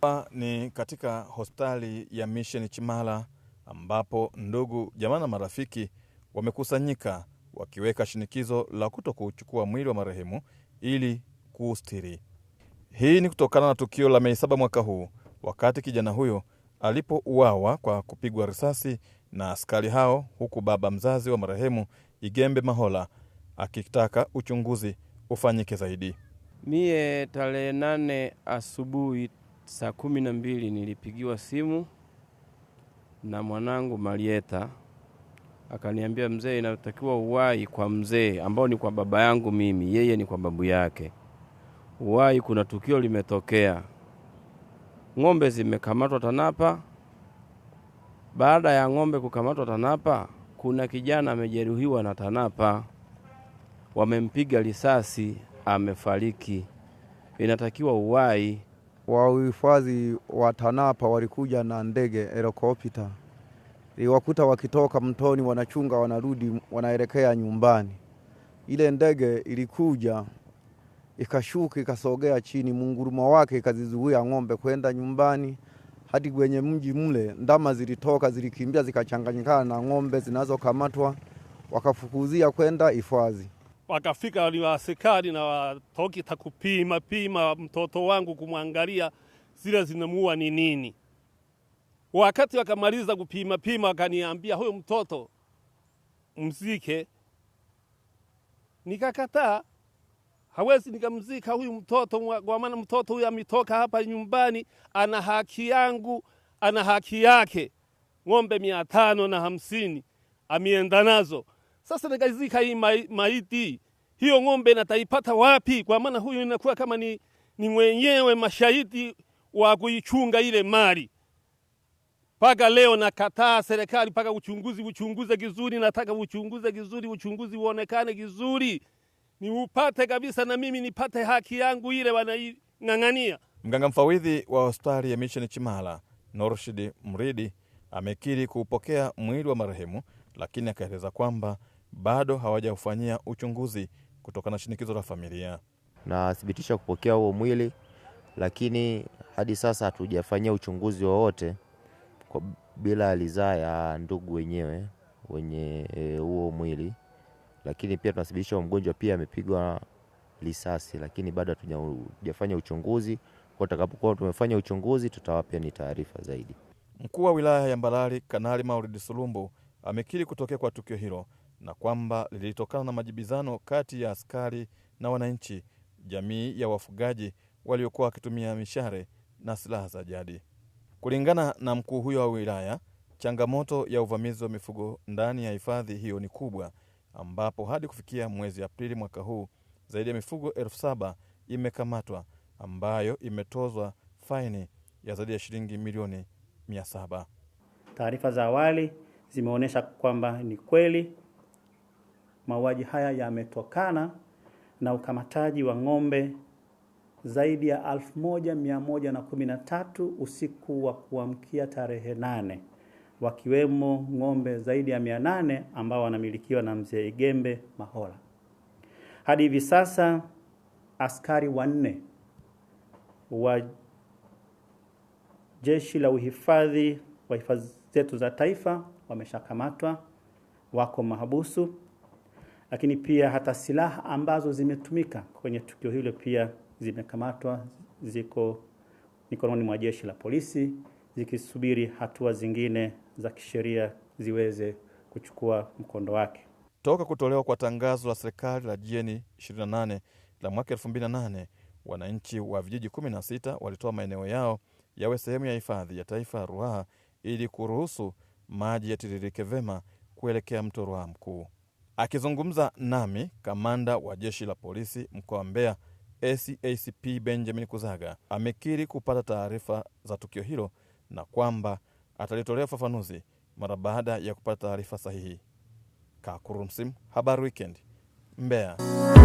Hapa ni katika hospitali ya Mission Chimala ambapo ndugu jamaa na marafiki wamekusanyika wakiweka shinikizo la kuto kuchukua mwili wa marehemu ili kuustiri. Hii ni kutokana na tukio la Mei saba mwaka huu wakati kijana huyo alipouawa kwa kupigwa risasi na askari hao, huku baba mzazi wa marehemu Igembe Mahola akitaka uchunguzi ufanyike zaidi. Mie tarehe nane asubuhi saa kumi na mbili nilipigiwa simu na mwanangu Marieta akaniambia, mzee, inatakiwa uwai kwa mzee ambao ni kwa baba yangu mimi, yeye ni kwa babu yake. Uwai, kuna tukio limetokea, ng'ombe zimekamatwa Tanapa. Baada ya ng'ombe kukamatwa Tanapa, kuna kijana amejeruhiwa na Tanapa, wamempiga risasi, amefariki. Inatakiwa uwai wa uhifadhi wa TANAPA walikuja na ndege helikopta, iliwakuta wakitoka mtoni, wanachunga, wanarudi, wanaelekea nyumbani. Ile ndege ilikuja ikashuka, ikasogea chini, mungurumo wake ikazizuia ng'ombe kwenda nyumbani hadi kwenye mji mle. Ndama zilitoka zilikimbia, zikachanganyikana na ng'ombe zinazokamatwa, wakafukuzia kwenda hifadhi wakafika ni waasekari na watokita kupima pima mtoto wangu kumwangalia zile zinamuua ni nini. Wakati wakamaliza kupima pima, wakaniambia huyu mtoto mzike. Nikakataa, hawezi nikamzika huyu mtoto, kwa maana mtoto huyu ametoka hapa nyumbani, ana haki yangu, ana haki yake. Ng'ombe mia tano na hamsini amienda nazo sasa nikazika hii maiti, hiyo ng'ombe nataipata wapi? Kwa maana huyu inakuwa kama ni, ni mwenyewe mashahidi wa kuichunga ile mali. Paka leo nakataa serikali, paka uchunguzi uchunguze kizuri, nataka uchunguze kizuri, uchunguzi uonekane kizuri, niupate kabisa na mimi nipate haki yangu ile wanaing'ang'ania. Mganga mfawidhi wa hospitali ya Mission Chimala Norshid Mridi amekiri kuupokea mwili wa marehemu, lakini akaeleza kwamba bado hawajafanyia uchunguzi kutokana na shinikizo la familia. Nathibitisha kupokea huo mwili, lakini hadi sasa hatujafanyia uchunguzi wowote bila ridhaa ya ndugu wenyewe wenye e, huo mwili, lakini pia tunathibitisha mgonjwa pia amepigwa risasi, lakini bado hatujafanya uchunguzi. Kwa tutakapokuwa tumefanya uchunguzi, ni taarifa zaidi. Mkuu wa wilaya ya Mbarali Kanali Maulid Sulumbu amekiri kutokea kwa tukio hilo na kwamba lilitokana na majibizano kati ya askari na wananchi, jamii ya wafugaji waliokuwa wakitumia mishare na silaha za jadi. Kulingana na mkuu huyo wa wilaya, changamoto ya uvamizi wa mifugo ndani ya hifadhi hiyo ni kubwa, ambapo hadi kufikia mwezi Aprili mwaka huu zaidi ya mifugo elfu saba imekamatwa ambayo imetozwa faini ya zaidi ya shilingi milioni mia saba. Taarifa za awali zimeonyesha kwamba ni kweli Mauaji haya yametokana na ukamataji wa ng'ombe zaidi ya 1113 usiku wa kuamkia tarehe nane wakiwemo ng'ombe zaidi ya 800 ambao wanamilikiwa na mzee Igembe Mahola. Hadi hivi sasa askari wanne wa jeshi la uhifadhi wa hifadhi zetu za taifa wameshakamatwa, wako mahabusu lakini pia hata silaha ambazo zimetumika kwenye tukio hilo pia zimekamatwa, ziko mikononi mwa jeshi la polisi zikisubiri hatua zingine za kisheria ziweze kuchukua mkondo wake. Toka kutolewa kwa tangazo la serikali la GN 28 la mwaka 2008, wananchi wa vijiji 16 walitoa maeneo yao yawe sehemu ya hifadhi ya taifa ya Ruaha ili kuruhusu maji yatiririke vema kuelekea mto Ruaha Mkuu. Akizungumza nami, kamanda wa jeshi la polisi mkoa wa Mbeya ACACP Benjamin Kuzaga amekiri kupata taarifa za tukio hilo na kwamba atalitolea ufafanuzi mara baada ya kupata taarifa sahihi. Kakurumsim, Habari Weekend, Mbeya.